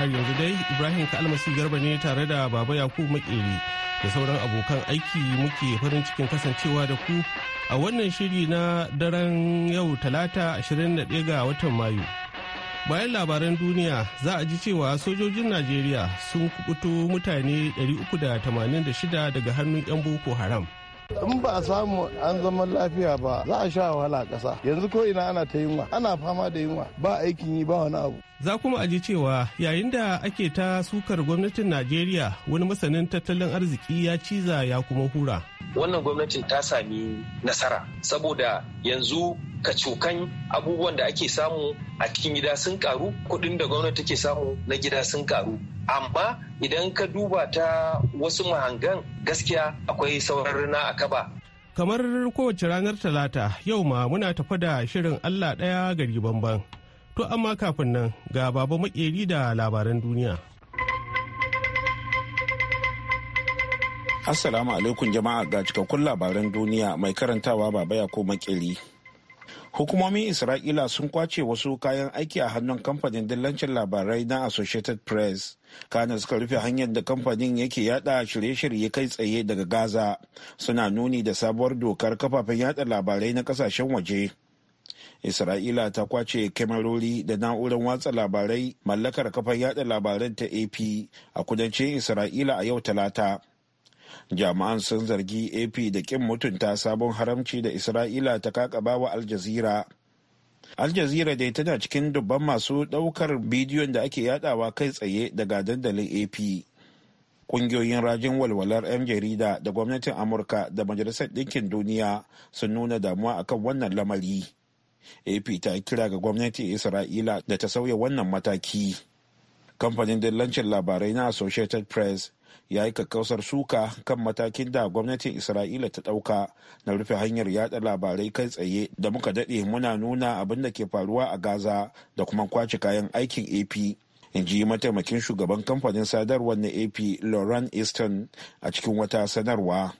har yanzu dai ibrahim kalmasi garba ne tare da baba yakubu makeri da sauran abokan aiki muke farin cikin kasancewa da ku a wannan shiri na daren yau talata 21 ga watan mayu bayan labaran duniya za a ji cewa sojojin najeriya sun kubuto mutane 386 daga hannun 'yan boko haram in ba a samu an zaman lafiya ba za a sha wahala ƙasa yanzu ko ina ana ta yunwa ana fama da yunwa ba aikin yi ba wani abu za kuma aji cewa yayin da ake ta sukar gwamnatin najeriya wani masanin tattalin arziki ya ciza ya kuma hura wannan gwamnatin ta sami nasara saboda yanzu ka kacokan abubuwan da ake samu a cikin gida sun karu kudin da gwamnati take samu na gida sun karu amma idan ka duba ta wasu mahangan gaskiya akwai sauran rana a kaba kamar kowace ranar talata yau ma muna tafa da shirin allah ɗaya gari bamban to amma kafin nan ga baba makeri da labaran duniya Assalamu alaikum jama'a ga cikakkun labaran duniya mai karantawa baba ya ko makili. Hukumomin Isra'ila sun kwace wasu kayan aiki a hannun kamfanin dillancin labarai na Associated Press. Kana suka rufe hanyar da kamfanin yake yada shirye-shirye kai tsaye daga Gaza suna nuni da sabuwar dokar kafafen yada labarai na kasashen waje. Isra'ila ta kwace kyamarori da na'urar watsa labarai mallakar kafar yada labaran ta AP a kudancin Isra'ila a yau talata jami'an sun zargi ap da kin mutunta sabon haramci da isra'ila ta kakaba wa aljazira aljazira dai tana cikin dubban masu daukar bidiyon da ake yadawa kai tsaye daga dandalin ap kungiyoyin rajin walwalar 'yan jarida da gwamnatin amurka da majalisar ɗinkin duniya sun nuna damuwa akan wannan lamari ap ta kira ga gwamnatin isra'ila da ta sauya wannan mataki kamfanin dillancin labarai na associated press ya yi kakkausar suka kan matakin da gwamnatin isra'ila ta ɗauka na rufe hanyar yada labarai kai tsaye da muka daɗe muna nuna abin da ke faruwa a gaza da kuma kwace kayan aikin ap in ji mataimakin shugaban kamfanin sadarwar na ap lauren easton a cikin wata sanarwa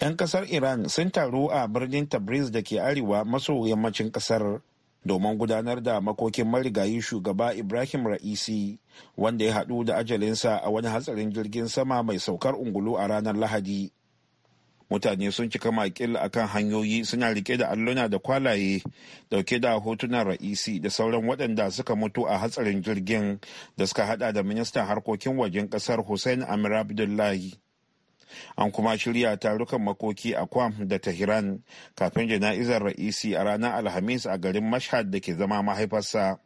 'yan kasar iran sun taru a birnin tabriz da ke arewa maso yammacin kasar domin gudanar da makokin marigayi shugaba ibrahim ra'isi wanda ya haɗu da ajalinsa a wani hatsarin jirgin sama mai saukar ungulu a ranar lahadi mutane sun cika makil a kan hanyoyi suna rike da alluna da kwalaye dauke da hotunan ra'isi da sauran waɗanda suka mutu a hatsarin jirgin da suka hada da ministan harkokin wajen ƙasar hussein amir abdullahi an kuma shirya tarukan makoki a kwam da tehran kafin jana'izar ra'isi a ranar alhamis a garin mashhad da ke zama mahaifarsa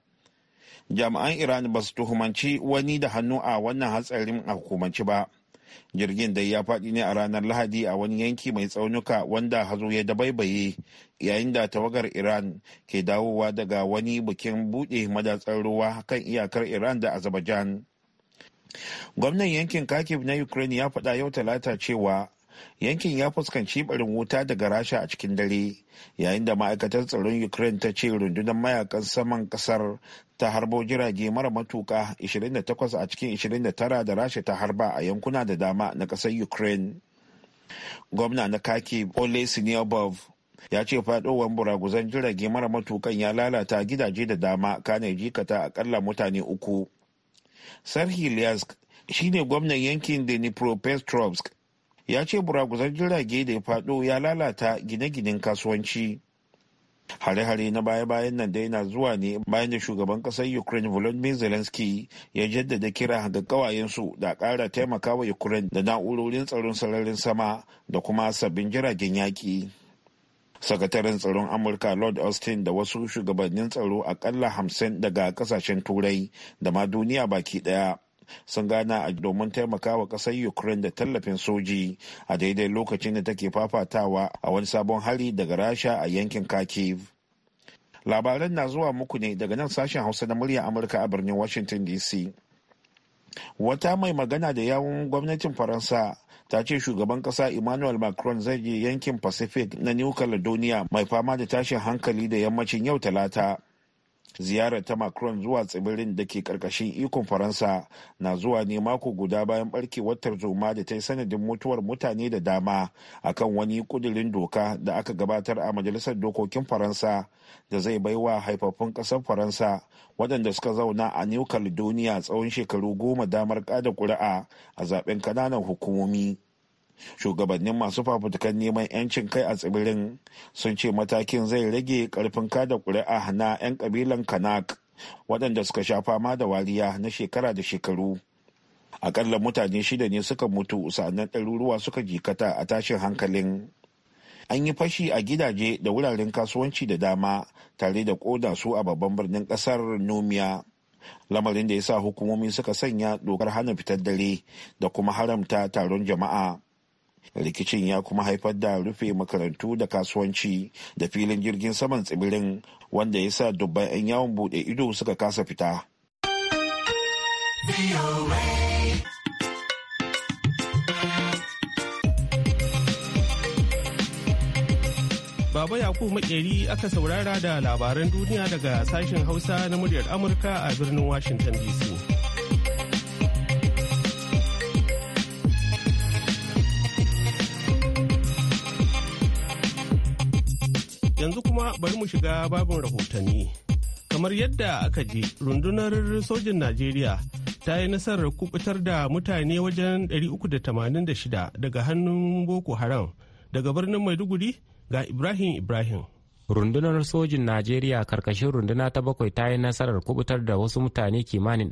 jami'an iran ba su tuhumanci wani da hannu a wannan hatsarin a hukumanci ba jirgin dai ya faɗi ne a ranar lahadi a wani yanki mai tsaunuka wanda hazo ya dabaibaye yayin da tawagar iran ke dawowa daga wani bikin buɗe madatsar ruwa kan iyakar iran da azerbaijan gwamnan yankin kakif na ukraine ya faɗa yau talata cewa yankin ya fuskanci barin wuta daga rasha a cikin dare yayin da ma'aikatar tsaron ukraine ta ce rundunar mayakan saman kasar ta harbo jirage mara matuka 28 a cikin 29 da rasha ta harba a yankuna da dama na kasar ukraine gwamna na kaki ole siniyabov ya ce fadowar buraguzan jirage mara matukan ya lalata gidaje da dama kane jikata akalla mutane uku sarhi lyask shine gwamnan yankin dnipropetrovsk ya ce buraguzan jirage da ya faɗo ya lalata gine-ginen kasuwanci hare-hare na baya-bayan nan da yana zuwa ne bayan da shugaban kasar ukraine volodymyr zelensky ya jaddada kira ga kawayensu da ƙara taimakawa ukraine da na'urorin tsaron sararin sama da kuma sabbin jiragen yaƙi sakataren tsaron amurka lord austin da wasu shugabannin tsaro akalla hamsin daga kasashen turai da ma duniya baki daya sun gana a domin taimakawa kasar ukraine da tallafin soji a daidai lokacin da take fafatawa a wani sabon hari daga rasha a yankin kharkiv labaran na zuwa muku ne daga nan sashen hausa na murya amurka a birnin washington dc wata mai magana da yawun gwamnatin faransa ta ce shugaban kasa emmanuel macron zai je yankin pacific na new caledonia mai fama da tashin hankali da yammacin yau talata ziyarar ta macron zuwa tsibirin da ke karkashin ikon faransa na zuwa ne mako guda bayan watar zoma da ta yi sanadin mutuwar mutane da dama akan wani kudirin doka da aka gabatar a majalisar dokokin faransa da zai baiwa haifaffun kasar faransa waɗanda suka zauna a new caledonia tsawon shekaru goma damar kada kuri'a a zaben kananan hukumomi shugabannin masu fafutukan neman 'yancin kai a tsibirin sun ce matakin zai rage karfin kada kuri'a na 'yan kabilan kanak waɗanda suka sha fama da wariya na shekara da shekaru akalla mutane shida ne suka mutu sa'annan ɗaruruwa suka jikata a tashin hankalin an yi fashi a gidaje da wuraren kasuwanci da dama tare da koda su a babban birnin ƙasar numiya lamarin da ya sa hukumomi suka sanya dokar hana fitar dare da kuma haramta taron jama'a rikicin ya kuma haifar da rufe makarantu da kasuwanci da filin jirgin saman tsibirin wanda ya sa dubban 'yan yawon bude ido suka kasa fita Baba Yakubu Makeri aka saurara da labaran duniya daga sashen Hausa na muryar Amurka a birnin Washington DC. Yanzu kuma bari mu shiga babin rahotanni. Kamar yadda aka je rundunar sojin Najeriya ta yi nasarar kubutar da mutane wajen 386 daga hannun Boko Haram daga birnin Maiduguri ga Ibrahim Ibrahim. rundunar sojin najeriya karkashin runduna ta bakwai ta yi nasarar kubutar da wasu mutane kimanin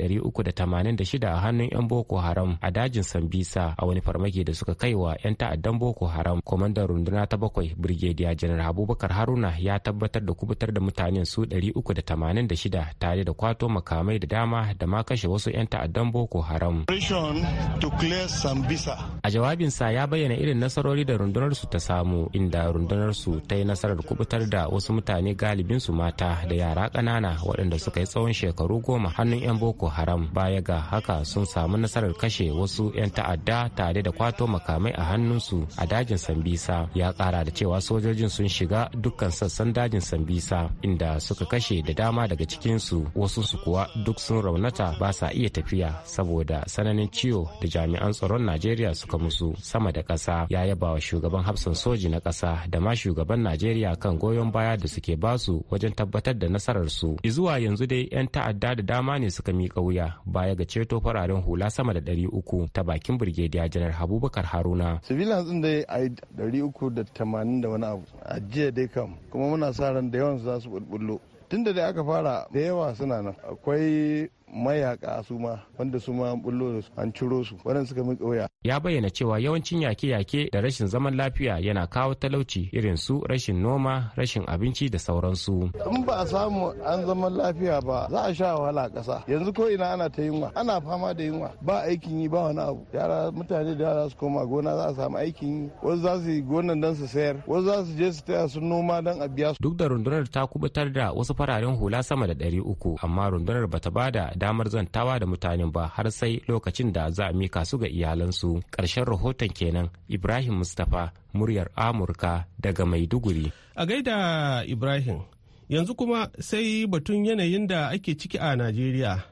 da shida a hannun 'yan boko haram a dajin sambisa a wani farmaki da suka kai wa 'yan ta'addan boko haram kwamandan runduna ta bakwai Birgediya janar abubakar haruna ya tabbatar da kubutar da mutanen su ɗari da da tamanin shida, tare da kwato makamai da dama da ma kashe wasu 'yan ta'addan boko haram a jawabinsa ya bayyana irin nasarori da rundunar su ta samu inda rundunar su ta yi nasarar kubutar da wasu mutane galibin su mata da yara ƙanana waɗanda suka yi tsawon shekaru goma hannun 'yan boko haram baya ga haka sun samu nasarar kashe wasu 'yan ta'adda tare da kwato makamai a hannunsu a dajin sambisa ya ƙara da cewa sojojin sun shiga dukkan sassan dajin sambisa inda suka kashe da dama daga cikinsu wasu su kuwa duk sun raunata ba sa iya tafiya saboda sananin ciwo da jami'an tsaron najeriya suka musu sama da ƙasa ya yaba wa shugaban hafsan soji na ƙasa da ma shugaban najeriya kan goyon baya da suke basu wajen tabbatar da nasarar nasararsu. Zuwa yanzu dai 'yan ta'adda da dama ne suka miƙa wuya baya ga ceto fararen hula sama da 300 ta bakin Birgediya Janar Habubakar Haruna. Civilians ɗin dai a yi uku da wani abu a jiya dai kam kuma muna sa ran da yawan za su bulbullo. Tun da dai aka fara da yawa suna nan akwai mayaka su ma wanda su ma an bullo su an ciro su wannan suka min ƙauya. Ya bayyana cewa yawancin yake-yake da rashin zaman lafiya yana kawo talauci irin su rashin noma, rashin abinci da sauransu. In ba a samu an zaman lafiya ba za a sha wahala ƙasa. Yanzu ko ina ana ta yunwa, ana fama da yunwa, ba aikin yi ba wani abu. Yara mutane da yara su koma gona za a samu aikin yi, wasu za su yi gonan don su sayar, wasu za su je su taya su noma don a biya su. Duk da rundunar ta kubutar da wasu fararen hula sama da ɗari uku, amma rundunar bata bada damar zantawa da mutanen ba har sai lokacin da za a mika su ga iyalansu ƙarshen rahoton kenan ibrahim mustapha muryar amurka daga maiduguri a gaida ibrahim yanzu kuma sai batun yanayin da ake ciki a najeriya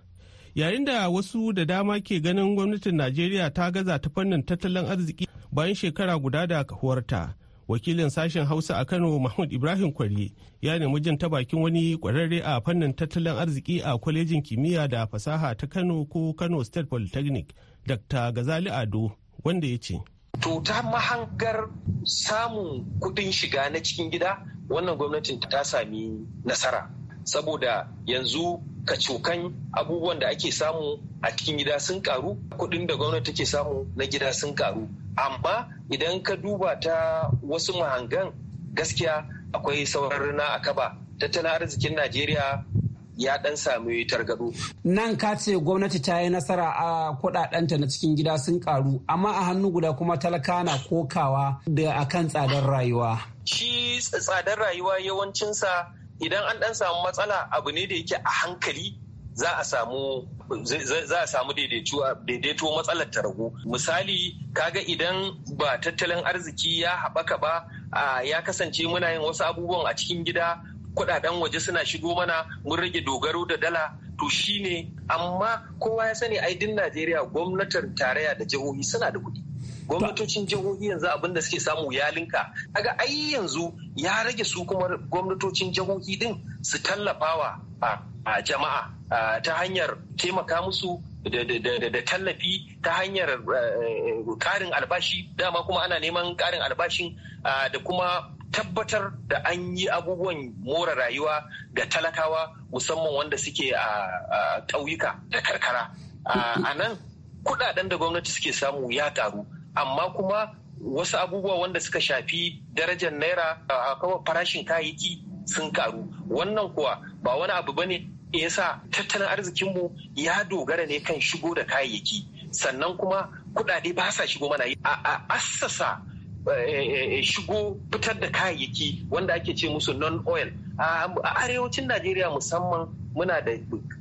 yayin da wasu da dama ke ganin gwamnatin najeriya ta gaza ta fannin tattalin arziki bayan shekara guda da kahuwarta wakilin sashen hausa a kano mahmud ibrahim kwari ya nemi jin ta bakin wani kwararre a fannin tattalin arziki a kwalejin kimiyya da fasaha ta kano ko kano state polytechnic dr gazali ado wanda ya ce to ta mahangar samun kudin shiga na cikin gida wannan gwamnatin ta sami nasara saboda yanzu kacokan abubuwan da ake samu a cikin gida sun karu kudin da gwamnati take samu na gida sun karu amma idan ka duba ta wasu mahangan gaskiya akwai sauran a kaba tattalin arzikin najeriya ya dan sami targado. Nan ka ce gwamnati ta yi nasara a kudadenta na cikin gida sun karu, amma a hannu guda kuma talaka na kokawa da akan tsadar rayuwa. Shi tsadar rayuwa yawancinsa idan an dan samu matsala abu ne da yake a hankali za a samu za daidaito matsalar ta ragu misali kaga idan ba tattalin arziki ya haɓaka ba ya kasance muna yin wasu abubuwan a cikin gida kudaden waje suna shigo mana mun rage dogaro da dala to shine amma kowa ya sani aidin Najeriya gwamnatin tarayya da jihohi suna da kuɗi gwamnatocin jihohi yanzu abin da suke samu ya linka kaga ai yanzu ya rage su kuma gwamnatocin jihohi din su tallafawa a jama'a ta hanyar taimaka musu da tallafi ta hanyar eh, karin albashi dama kuma ana neman karin albashin da kuma tabbatar da an yi abubuwan more rayuwa ga talakawa musamman wanda suke a ƙauyuka da karkara a nan kudaden da gwamnati suke samu ya karu amma kuma wasu abubuwa wanda suka shafi darajar naira a kawo farashin kayayyaki sun karu wannan kuwa ba wani abu bane yasa tattalin arzikinmu ya dogara ne kan shigo da kayayyaki sannan kuma kudade ba sa shigo mana a assasa Eh, eh, shigo fitar da kayayyaki wanda ake ce musu non-oil a arewacin najeriya musamman muna da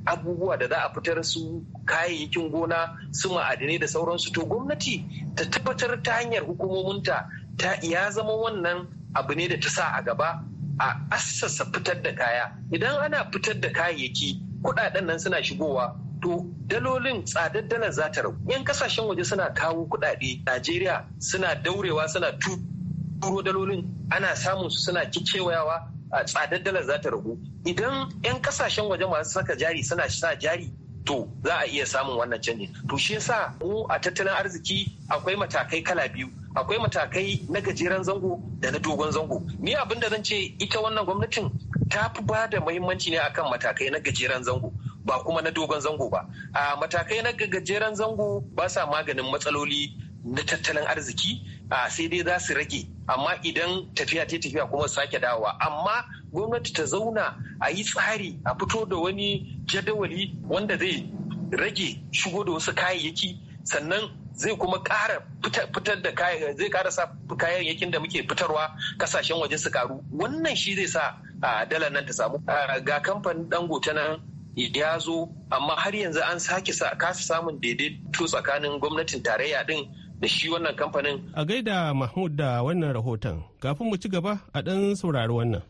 abubuwa da za a fitar su kayayyakin gona su ma'adinai da sauransu to gwamnati ta tabbatar ta hanyar hukumominta ta ya zama wannan abu ne da ta sa a gaba a assasa fitar da kaya idan ana fitar da kayayyaki kudaden nan suna shigowa to dalolin tsadar za ta ragu yan kasashen waje suna kawo kuɗaɗe najeriya suna daurewa suna turo dalolin ana samun su suna kicewayawa a tsadar za ta ragu idan yan kasashen waje masu saka jari suna sa jari to za a iya samun wannan canji to shi yasa mu a tattalin arziki akwai matakai kala biyu akwai matakai na gajeren zango da na dogon zango ni abin da zan ce ita wannan gwamnatin ta fi ba da muhimmanci ne akan matakai na gajeren zango ba kuma na dogon zango ba a matakai na gajeren zango ba sa maganin matsaloli na tattalin arziki sai dai za su rage amma idan tafiya ta tafiya kuma su sake dawowa amma gwamnati ta zauna a yi tsari a fito da wani jadawali wanda zai rage shigo da wasu kayayyaki sannan zai kuma ƙara fitar da kayan zai ƙara sa kayayyakin da muke fitarwa kasashen waje su karu wannan shi zai sa a dala nan ta samu ga kamfanin dangote nan ya zo amma har yanzu an sake sa kasa samun daidaito tsakanin gwamnatin tarayya din da shi wannan kamfanin. A gaida Mahmud da wannan rahoton kafin mu ci gaba a ɗan saurari wannan.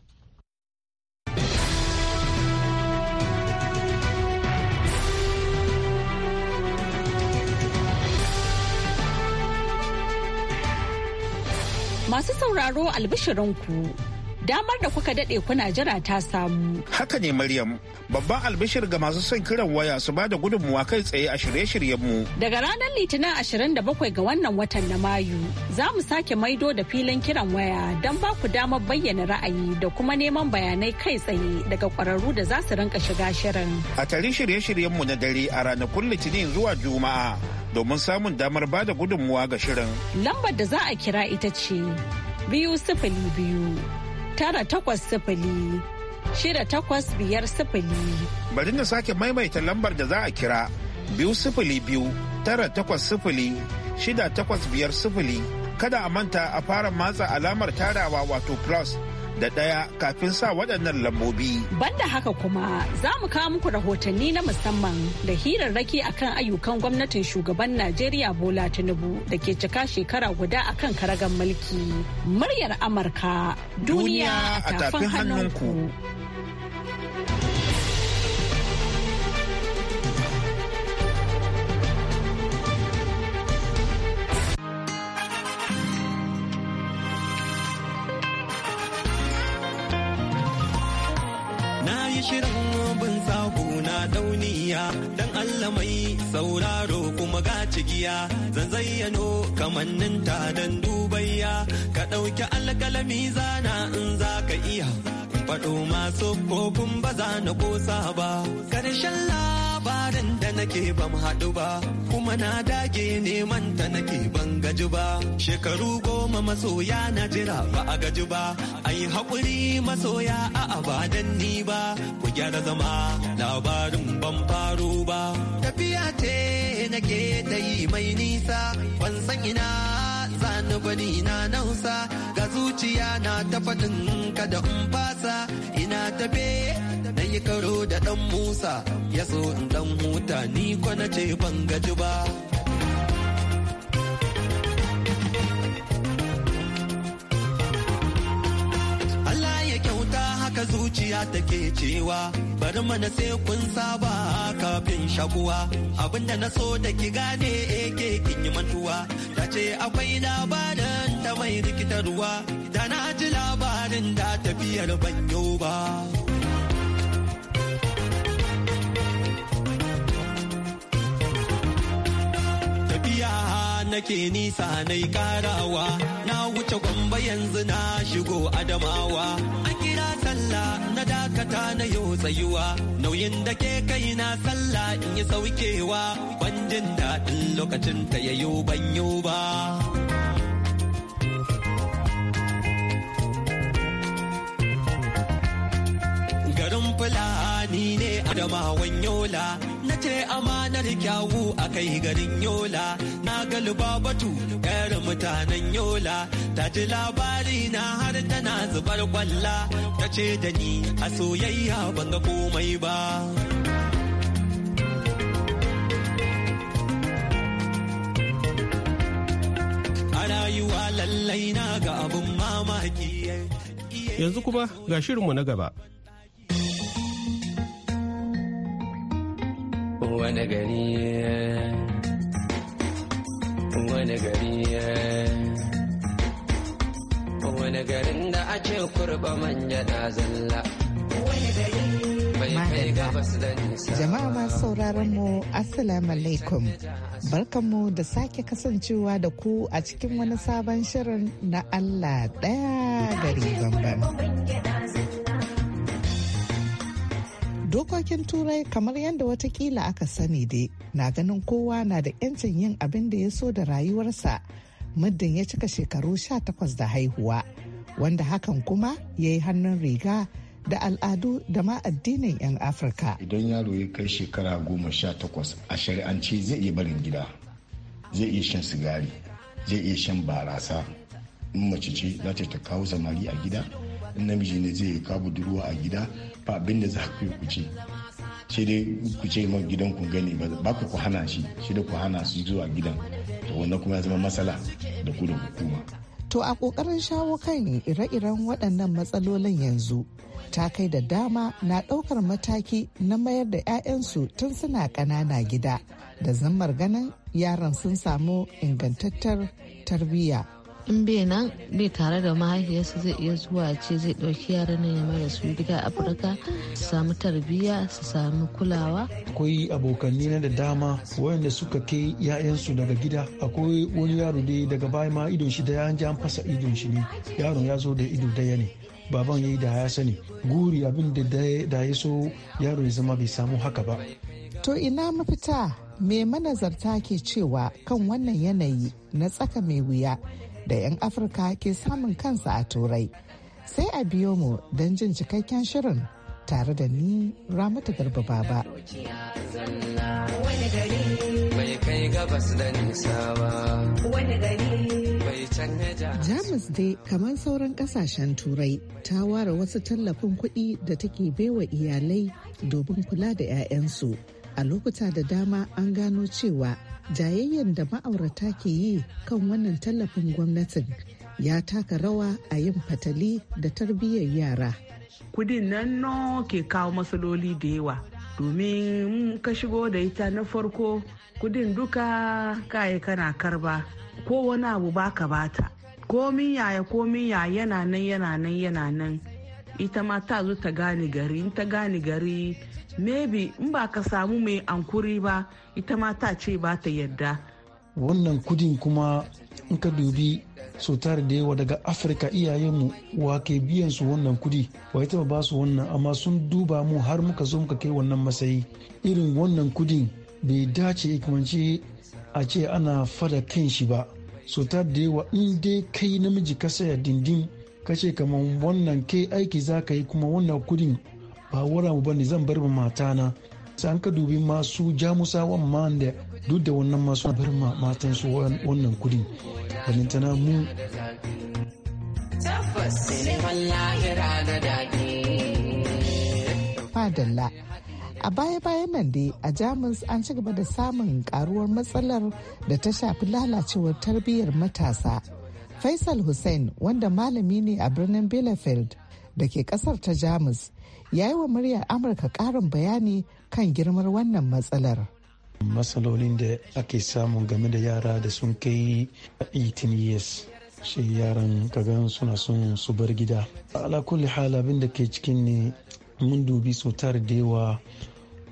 Masu sauraro albishirinku damar da kuka daɗe kuna jira ta samu. Haka ne Maryam, babban albishir ga masu son kiran waya su ba da gudunmuwa kai tsaye a shirye-shiryenmu. Daga ranar Litinin 27 ga wannan watan na Mayu, za mu sake maido da filin kiran waya don ba ku damar bayyana ra'ayi da kuma neman bayanai kai tsaye daga kwararru da za su rinka shiga shirin. A tare shirye-shiryenmu na dare a ranakun Litinin zuwa Juma'a domin samun damar ba da gudunmuwa ga shirin. Lambar da za a kira ita ce biyu sifili biyu tara takwas sifili shida takwas biyar sifili. Bari na sake maimaita lambar da za a kira biyu sifili biyu tara takwas sifili shida takwas biyar sifili kada a manta a fara matsa alamar tarawa wato plus da ɗaya kafin sa waɗannan lambobi. Banda haka kuma za mu kawo muku rahotanni na musamman da hirarraki akan ayyukan gwamnatin shugaban Najeriya Bola Tinubu da ke cika shekara guda akan karagar mulki. Muryar Amurka duniya a tafin hannunku. dauniya dan Allah mai sauraro kuma ga cigiya zan zayyano kamannin ta dan dubayya ka ɗauki alkalami zana in za ka iya faɗo masu kofin ba za na ƙosa ba ƙarshen la ranan da nake ban haɗu ba kuma na dage neman ta nake ban gaji ba shekaru goma masoya na jira ba a gaji ba ai haƙuri masoya a abadan ni ba ku gyara zama labarin ban faro ba tafiya ce nake ta yi mai nisa ban san ina zani bari na nausa ga zuciya na ta faɗin kada in fasa ina tafe yi karo da dan musa ya so in dan huta ni kwana ce ban gaji ba ya kyauta haka zuciya take cewa bari mana sai kun saba kafin shakuwa abinda na so da ki gane ake kin yi mantuwa ta ce akwai labarin ta mai rikitarwa da na ji labarin da tafiyar ban yau ba. nake nisa na yi karawa na wuce gwamba yanzu na shigo adamawa an kira sallah na dakata na yau tsayuwa nauyin da ke kai na sallah in yi saukewa ban jin daɗin lokacin ta yayo ban ba garin fulawa adamawan yola na ce amanar kyawu a kai garin yola na galiba batu yar mutanen yola ta ji labari na har tana zubar kwalla ta ce da ni a soyayya ban ga komai ba ga Yanzu kuma ga shirinmu na gaba. wani gari wani gari wani garin da ake kurba manya da zalla wani gari Jama'a ma sauraron mu Assalamu alaikum. Barkanmu da sake kasancewa da ku a cikin wani sabon shirin na Allah ɗaya gari bambam. dokokin turai kamar yadda watakila aka sani dai na ganin kowa na da 'yancin yin abin da ya so da rayuwarsa muddin ya cika shekaru 18 da haihuwa wanda hakan kuma ya yi hannun riga da al'adu da ma addinin 'yan afirka idan yaro ya kai shekara goma sha takwas a shari'ance zai iya barin gida zai iya shan sigari zai iya shan barasa in mace ce za ta kawo samari a gida in namiji ne zai kawo budurwa a gida ba abin da za ku yi ku ce shi dai ku ma gidan ku gani ba ku hana shi shi da ku hana su zuwa gidan to wannan kuma ya zama matsala da ku da hukuma to a kokarin shawo kan ire-iren waɗannan matsalolin yanzu ta kai da dama na ɗaukar mataki na mayar da 'ya'yansu tun suna ƙanana gida da zammar ganin yaran sun samu ingantattar tarbiyya in bai nan bai tare da mahaifiyarsa zai iya zuwa ce zai ɗauki yaran nan ya mara su gida afirka su samu tarbiyya su samu kulawa akwai abokanni na da dama wayanda suka kai ya'yansu daga gida akwai wani yaro dai daga baya ma idon shi da ya an fasa idon shi ne yaron ya zo da ido daya ne baban ya da ya sani guri abin da ya so yaro ya zama bai samu haka ba to ina mafita me manazarta ke cewa kan wannan yanayi na tsaka mai wuya da 'yan afirka ke samun kansa a turai sai a biyo mu don jin cikakken shirin tare da ni ramata garba baba Jamus dai kamar sauran kasashen turai ta ware wasu tallafin kuɗi da take baiwa iyalai domin kula da 'ya'yansu. A lokuta da dama an gano cewa jayayyen da ma'aurata ke yi kan wannan tallafin gwamnatin ya taka rawa a yin fatali da tarbiyyar yara. Kudin nan no ke kawo matsaloli da yawa domin ka shigo da ita na farko kudin duka kaye kana karba ko wani abu baka bata komin yaya komin ya yana nan yana nan yana nan ita ma ta zo ta gane gari in ta gane gari maybe in ba ka samu mai ankuri ba ita ma ta ce ba ta yadda wannan kudin kuma in ka dubi so tare da yawa daga afirka iyayenmu wa ke biyan su wannan kudi wa ita ba su wannan amma sun duba mu har muka zo muka kai wannan matsayi irin wannan kudin bai dace ikimanci a ce ana fada kan shi ba so ta da yawa in dai kai namiji ka saya dindin ka ce kamar wannan kai aiki za ka yi kuma wannan kudin ba wura mu bane zan bar matana sai an ka dubi masu jamusawan ma da duk da wannan masu bar ma matan su wannan kudin tana mu fadalla a baya-bayan nan dai a jamus an ci gaba da samun karuwar matsalar da ta shafi lalacewar tarbiyyar matasa faisal hussein wanda malami ne a birnin bielefeld da ke kasar ta jamus ya yi wa muryar amurka karin bayani kan girmar wannan matsalar matsalolin da ake samu game da yara da sun kai 18 years shi yaran kaga suna son su bar gida ala kulli hal abin da ke cikin ne mun dubi sau da yawa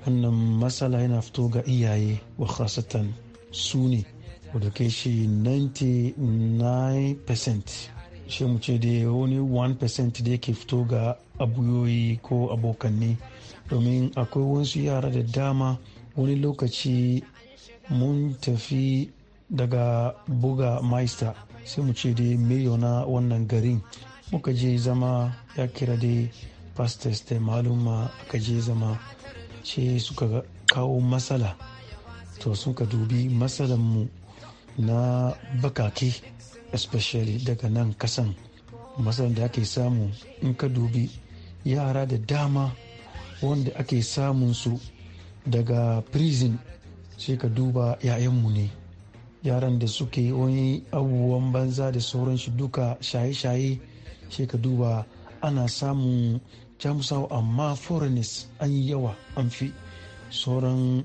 wannan matsala yana fito ga iyaye wa khasatan su ne wadda kai shi 99% shi mu ce da wani 1% da yake fito ga abuyoyi ko abokanni domin akwai wasu yara da dama wani lokaci mun tafi daga buga maista sai mu ce da miliyona wannan garin muka je zama ya kira da pastors da maluma aka je zama ce suka kawo matsala to sun ka dubi matsalanmu na bakake especially daga nan kasan matsalar da ake samu in ka dubi yara da dama wanda ake samun su daga prison sai ka duba yayanmu ne yaran da suke wani abubuwan banza da sauran shi duka shaye-shaye sai ka duba ana samun jamusawa amma foreigners an yi yawa an fi sauran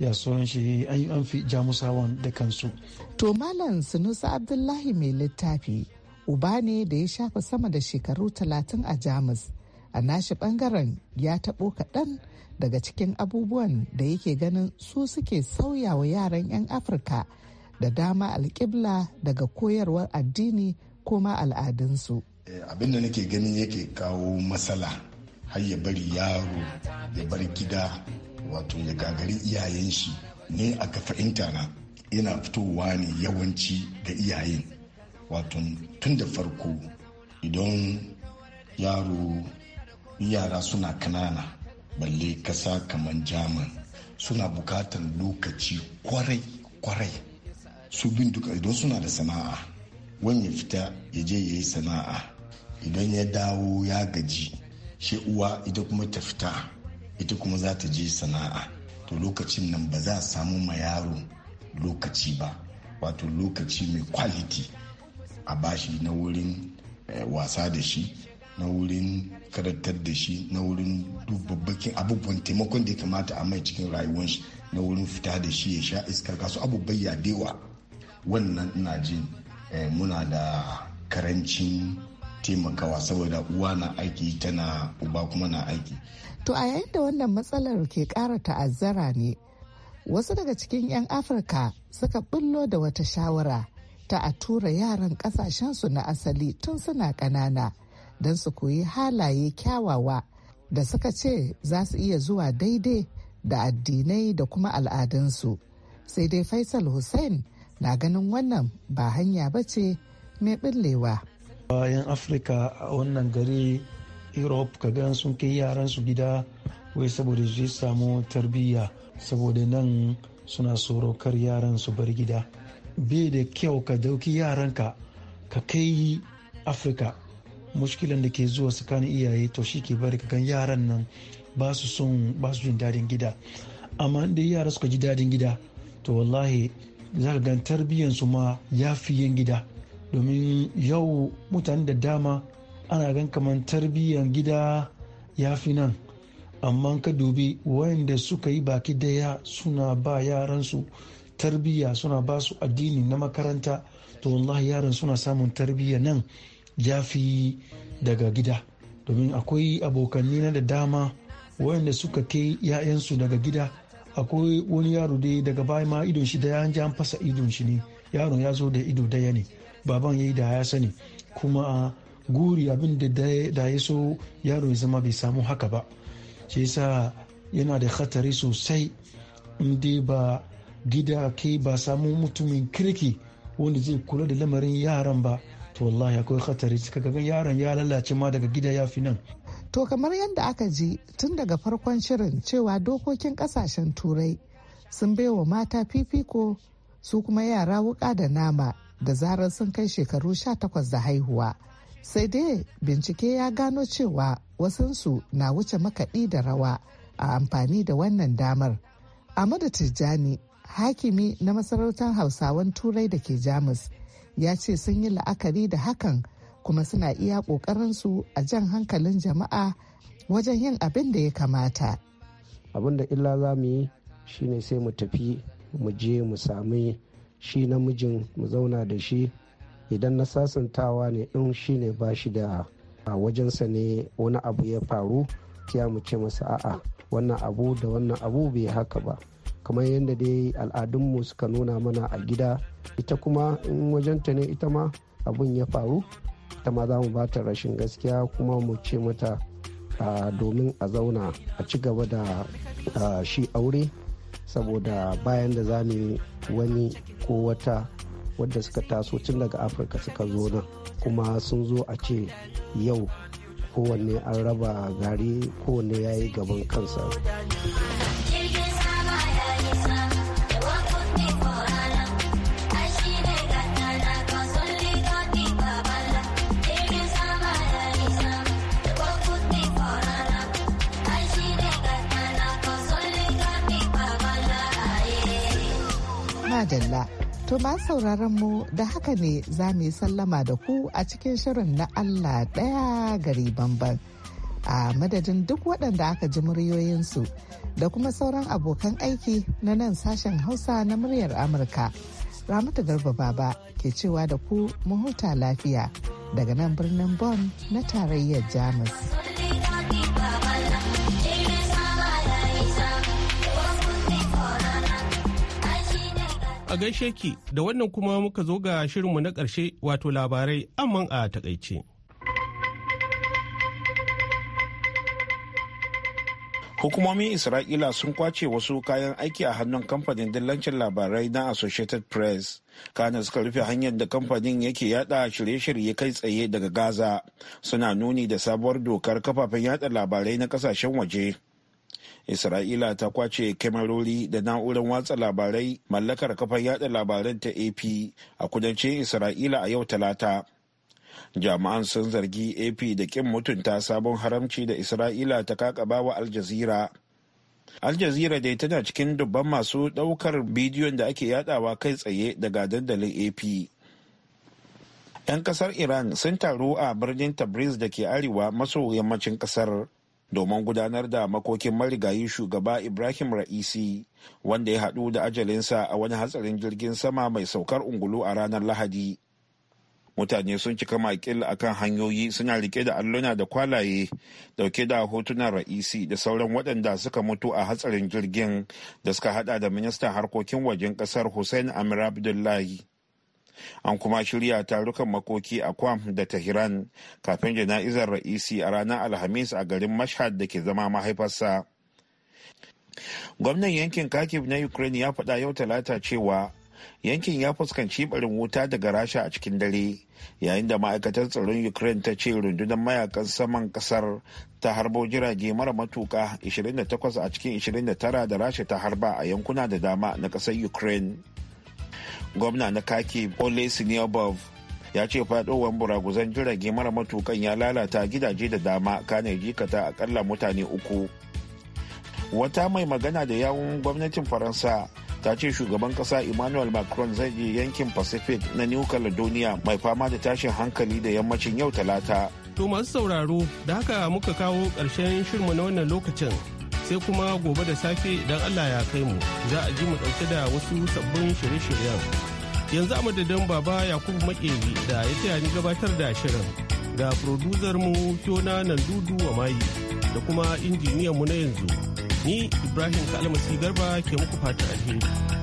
ya shi an fi jamusawan da kansu. To Malam Sunusa Abdullahi mai littafi uba ne da ya shafa sama da shekaru talatin a Jamus. A nashi bangaren ya taɓo kaɗan daga cikin abubuwan da yake ganin su suke sauya wa yaran 'yan Afirka da dama alƙibla daga koyarwar addini ko ma al'adunsu. Eh, abin da nake ganin yake kawo matsala har ya bari yaro ya bar gida wato ya gagari iyayen shi ne a kafa intana yana fitowa ne yawanci ga iyayen wato tun da farko idan yaro yara suna kanana balle kasa kamar jaman suna bukatar lokaci kwarai-kwarai su bin duka idan suna da sana'a wani ya fita ya je ya yi sana'a idan ya dawo ya gaji shi uwa ita kuma ta fita ita kuma za ta je sana'a to lokacin nan ba za a samu ma yaro lokaci ba wato lokaci mai kwaliti a bashi na wurin eh, wasa da shi na wurin karantar da shi na wurin dubabbakin abubuwan taimakon da ya kamata a mai cikin rayuwar shi na wurin fita da shi ya sha iskar kasu abubuwan yadewa wannan ina jin eh, muna da karancin taimakawa saboda uwa na aiki tana uba kuma na aiki To a yayin da wannan matsalar ke ƙara ta'azzara ne, wasu daga cikin 'yan Afirka suka bullo da wata shawara ta a tura yaran ƙasashensu na asali tun suna ƙanana don su koyi halaye kyawawa da suka ce za su iya zuwa daidai da addinai da kuma al'adunsu. Sai dai Faisal Hussein na ganin wannan ba hanya ba ce mai ɓillewa. 'Yan Afirka a wannan gari europe ka gan sun kai yaransu gida wai saboda su samu tarbiyya saboda nan suna tsoro kar yaran su bar gida bai da kyau ka dauki yaranka ka kai afirka mushkilan da ke zuwa tsakanin iyaye to shi ke bari ka yaran nan ba su yin ba su jin dadin gida amma inda yara suka ji dadin gida to wallahi za ka gan tarbiyyansu ma ya fi yin gida domin yau mutane da dama ana gan kamar tarbiyyar gida ya fi nan amma ka dubi wayanda suka yi baki daya suna ba yaransu tarbiyya suna ba su addini na makaranta to wallahi yaran suna samun tarbiyya nan ya fi daga gida domin akwai abokanni na da dama wayanda suka ke yayansu daga gida akwai wani yaro dai daga baya ma idon shi da ya an fasa idon shi ne yaron ya zo da ido daya ne baban yayi da ya sani kuma guri abin da ya so yaro ya zama bai samu haka ba shi yasa yana da hatari sosai inda ba gida ke ba samu mutumin kirki wanda zai kula da lamarin yaran ba to wallahi akwai hatari ga yaron ya lalace ma daga gida ya fi nan to kamar yadda aka ji tun daga farkon shirin cewa dokokin kasashen turai sun baiwa mata fifiko su kuma yara wuka da nama da zarar sun kai shekaru 18 da haihuwa sai dai bincike ya gano cewa wasansu na wuce makaɗi da rawa a amfani da wannan damar amadu tijjani hakimi na masarautar hausawan turai da ke jamus ya ce sun yi la'akari da hakan kuma suna iya ƙoƙarinsu a jan hankalin jama'a wajen yin abin da ya kamata abin da illa za mu yi shine sai mu tafi mu je mu sami shi namijin mu zauna da shi idan na sasantawa ne in shi ne ba shi da wajensa ne wani abu ya faru ya mu ce masa a'a wannan abu da wannan abu bai haka ba kamar yadda dai al'adunmu suka nuna mana a gida ita kuma in wajenta ne ita ma abun ya faru ita ma za mu ba ta rashin gaskiya kuma mu ce mata domin a zauna a ci gaba da shi aure saboda bayan da za mu wani ko wata wadda suka taso tun daga afirka suka zo nan kuma sun zo a ce yau kowanne an raba gari kowanne ya yi gaban kansa Madalla To ba sauraron mu da haka ne za mu yi sallama da ku a cikin shirin na Allah ɗaya gari bamban. A madadin duk waɗanda aka ji muryoyinsu da kuma sauran abokan aiki na nan sashen Hausa na muryar Amurka. Ramatu Garba Baba ke cewa da ku mu huta lafiya daga nan birnin Bonn na tarayyar Jamus. a gaishe ki da wannan kuma muka zo ga shirinmu na ƙarshe wato labarai amman a takaice. hukumomin isra'ila sun kwace wasu kayan aiki a hannun kamfanin dillancin labarai na associated press kana suka rufe hanyar da kamfanin yake yada shirye-shirye kai tsaye daga gaza suna nuni da sabuwar dokar kafafen yada labarai na kasashen waje isra'ila ta kwace kyamarori da na'urar watsa labarai mallakar kafar yada labaran ta ap a kudancin isra'ila a yau talata jami'an sun zargi ap da kin mutunta sabon haramci da isra'ila ta kakaba wa aljazira jazeera dai tana cikin dubban masu daukar bidiyon da ake yadawa kai tsaye daga dandalin ap 'yan kasar iran sun taru a birnin tabriz da ke arewa maso yammacin kasar domin gudanar da makokin marigayi shugaba ibrahim ra'isi wanda ya haɗu da ajalinsa a wani hatsarin jirgin sama mai saukar ungulu a ranar lahadi mutane sun cika makil a kan hanyoyi suna rike da alluna da kwalaye dauke da hotunan ra'isi da sauran waɗanda suka mutu a hatsarin jirgin da suka hada da ministan harkokin wajen ƙasar hussein amir abdullahi an kuma shirya tarukan makoki a kwam da tehran kafin jana'izar ra'isi a ranar alhamis a garin mashhad da ke zama mahaifarsa gwamnan yankin kakiv na ukraine ya faɗa yau talata cewa yankin ya fuskanci barin wuta daga rasha a cikin dare yayin da ma'aikatar tsaron ukraine ta ce rundunar mayakan saman kasar ta harbo jirage mara matuka 28 a cikin 29 da rasha ta harba a yankuna da dama na kasar ukraine gwamna na kake ole siniyabov ya ce faɗowar buraguzan jirage mara matukan ya lalata gidaje da dama kane jikata akalla mutane uku wata mai magana da yawun gwamnatin faransa ta ce shugaban kasa emmanuel macron zai je yankin pacific na new caledonia mai fama da tashin hankali da yammacin yau talata to masu sauraro da haka muka kawo ƙarshen shirmu na wannan lokacin sai kuma gobe da safe idan Allah ya kai mu za a ji mu ɗauke da wasu sabbin shirye-shiryen. Yanzu a madadin baba Yakubu Makeri da ya taya ni gabatar da shirin da producer mu nan Nandudu wa mayi da kuma injiniyan mu na yanzu. Ni Ibrahim Kalmasi Garba ke muku fatan alheri.